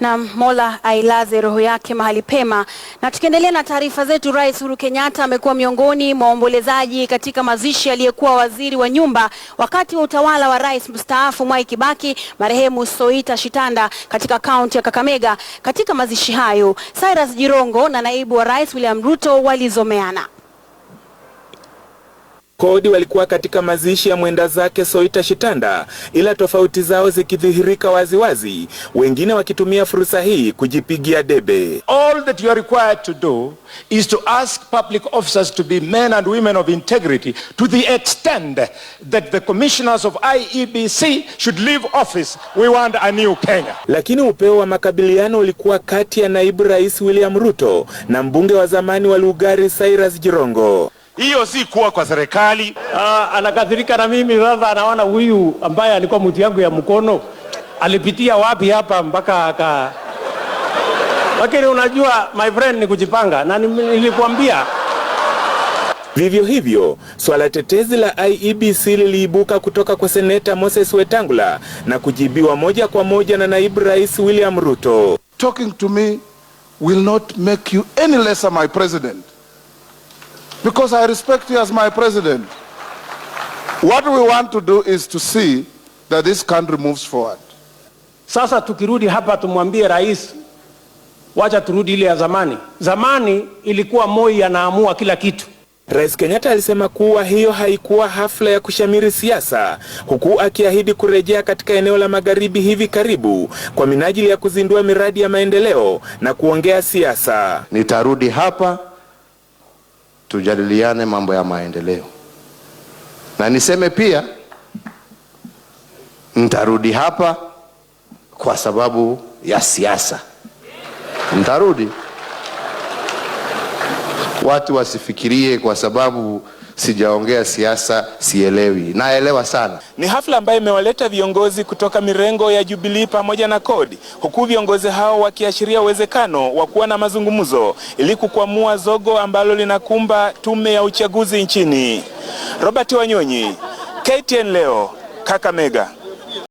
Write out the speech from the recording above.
Na Mola ailaze roho yake mahali pema. Na tukiendelea na taarifa zetu, Rais Uhuru Kenyatta amekuwa miongoni mwa waombolezaji katika mazishi aliyekuwa waziri wa nyumba wakati wa utawala wa Rais mstaafu Mwai Kibaki, marehemu Soita Shitanda katika kaunti ya Kakamega. Katika mazishi hayo, Cyrus Jirongo na naibu wa Rais William Ruto walizomeana. Kodi walikuwa katika mazishi ya mwenda zake Soita Shitanda, ila tofauti zao zikidhihirika waziwazi, wengine wakitumia fursa hii kujipigia debe. All that you are required to do is to ask public officers to be men and women of integrity to the extent that the commissioners of IEBC should leave office. We want a new Kenya. Lakini upeo wa makabiliano ulikuwa kati ya naibu rais William Ruto na mbunge wa zamani wa Lugari Cyrus Jirongo hiyo si kuwa kwa serikali. Ah, anakadhirika na mimi sasa, anaona huyu ambaye alikuwa mtu yangu ya mkono alipitia wapi hapa mpaka aka lakini unajua my friend, ni kujipanga na nilikuambia vivyo hivyo. Swala tetezi la IEBC liliibuka kutoka kwa seneta Moses Wetangula na kujibiwa moja kwa moja na naibu rais William Ruto. Talking to me will not make you any lesser my president because I respect you as my president. What we want to do is to see that this country moves forward. Sasa tukirudi hapa tumwambie rais, wacha turudi ile ya zamani. Zamani ilikuwa Moi anaamua kila kitu. Rais Kenyatta alisema kuwa hiyo haikuwa hafla ya kushamiri siasa, huku akiahidi kurejea katika eneo la magharibi hivi karibu kwa minajili ya kuzindua miradi ya maendeleo na kuongea siasa. Nitarudi hapa tujadiliane mambo ya maendeleo, na niseme pia nitarudi hapa kwa sababu ya siasa, nitarudi. Watu wasifikirie kwa sababu sijaongea siasa sielewi. Naelewa sana. Ni hafla ambayo imewaleta viongozi kutoka mirengo ya Jubilee pamoja na kodi huku viongozi hao wakiashiria uwezekano wa kuwa na mazungumzo ili kukwamua zogo ambalo linakumba tume ya uchaguzi nchini. Robert Wanyonyi, KTN leo, Kakamega.